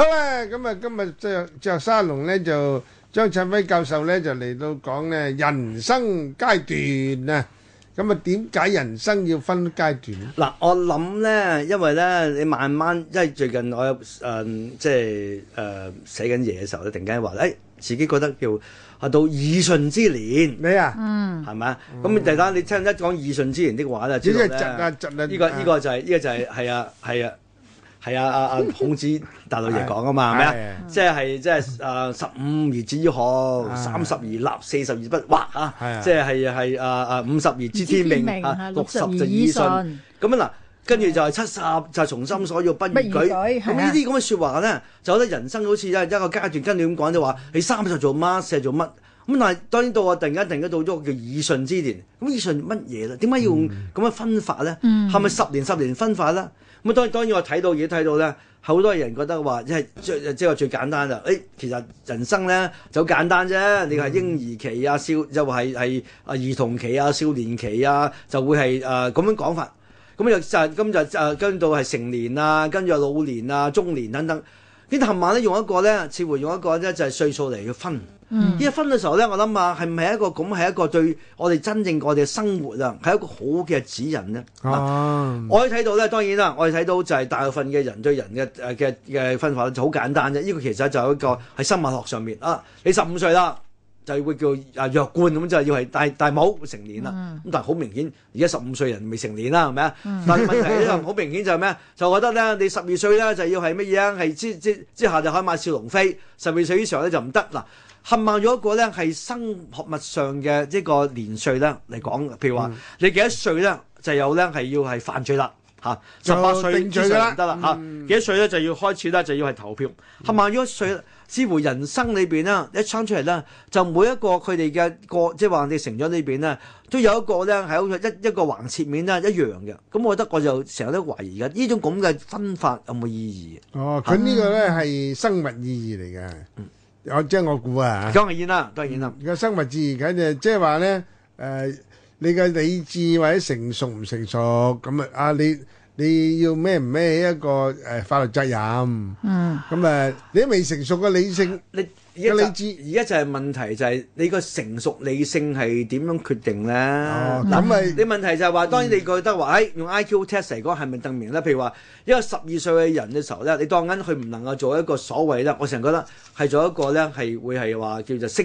好啦，咁啊，今日最後沙龍咧，就張燦輝教授咧就嚟到講咧人生階段啊，咁啊，點解人生要分階段嗱，我諗咧，因為咧，你慢慢，即係最近我誒，即係誒，寫緊嘢嘅時候咧，突然間話，誒，自己覺得叫係到耳順之年，咩啊？嗯，係咪啊？咁突然間你聽一講耳順之年的話咧，呢個呢個就係呢個就係係啊係啊。係啊！啊啊！孔子大老爺講啊嘛，係咪啊？即係即係啊！十五而志於學，三十而立，四十而不惑啊！即係係啊啊！五十而知天命啊，六十就耳順。咁啊嗱，跟住就係七十就從心所欲，不逾矩。咁呢啲咁嘅説話咧，就覺得人生好似一一個階段，跟住咁講就話：你三十做乜，四十做乜。咁但係，當然到我突然間突然間到咗個叫耳順之年，咁耳順乜嘢咧？點解要用咁樣分法咧？係咪、嗯、十年十年分法咧？咁啊，當然我睇到嘢睇到咧，好多人覺得話即係即即係最簡單就誒、欸，其實人生咧就好簡單啫。你係嬰兒期啊，少就話係係啊兒童期啊，少年期啊，就會係誒咁樣講法。咁又就今就誒跟到係成年啊，跟住老年啊，中年等等。你琴晚咧用一個咧，似乎用一個咧就係歲數嚟嘅分。呢一、嗯、分嘅時候咧，我諗啊，係唔係一個咁係一個對我哋真正我哋嘅生活啊，係一個好嘅指引咧、啊？我可以睇到咧，當然啦，我哋睇到就係大部分嘅人對人嘅嘅嘅分法就好簡單啫。呢個其實就係一個喺生物學上面啊，你十五歲啦。就會叫啊弱冠咁，就係要係大大帽成年啦。咁、mm. 但係好明顯，而家十五歲人未成年啦，係咪啊？Mm. 但係問題咧，好明顯就係咩就覺得咧，你十二歲咧就要係乜嘢啊？係之之之下就可以買少龍飛，十二歲以上咧就唔得。嗱，冚埋咗一個咧係生學物上嘅呢個年歲咧嚟講，譬如話、mm. 你幾多歲咧，就有咧係要係犯罪啦。吓，十八歲之前唔得啦，吓，幾多歲咧就要開始啦，就要係投票。係咪、嗯？幾多歲？似乎人生裏邊咧，一生出嚟咧，就每一個佢哋嘅個，即係話你成長裏邊咧，都有一個咧，係好似一一個橫切面啦，一樣嘅。咁我覺得我就成日都懷疑嘅，呢種咁嘅分法有冇意義？哦，佢呢個咧係生物意義嚟嘅。嗯、我即係、就是、我估啊，當然啦，當然啦，個生物字而家就即係話咧，誒、呃。你嘅理智或者成熟唔成熟咁啊？啊，你你要孭唔孭一個誒法律責任？嗯。咁啊，你未成熟嘅理性，你而家理智，而家就係問題就係你個成熟理性係點樣決定咧？咁咪你問題就係話，當然你覺得話，誒用 IQ test 嚟講係咪證明咧？譬如話一個十二歲嘅人嘅時候咧，你當緊佢唔能夠做一個所謂咧，我成日覺得係做一個咧係會係話叫做識。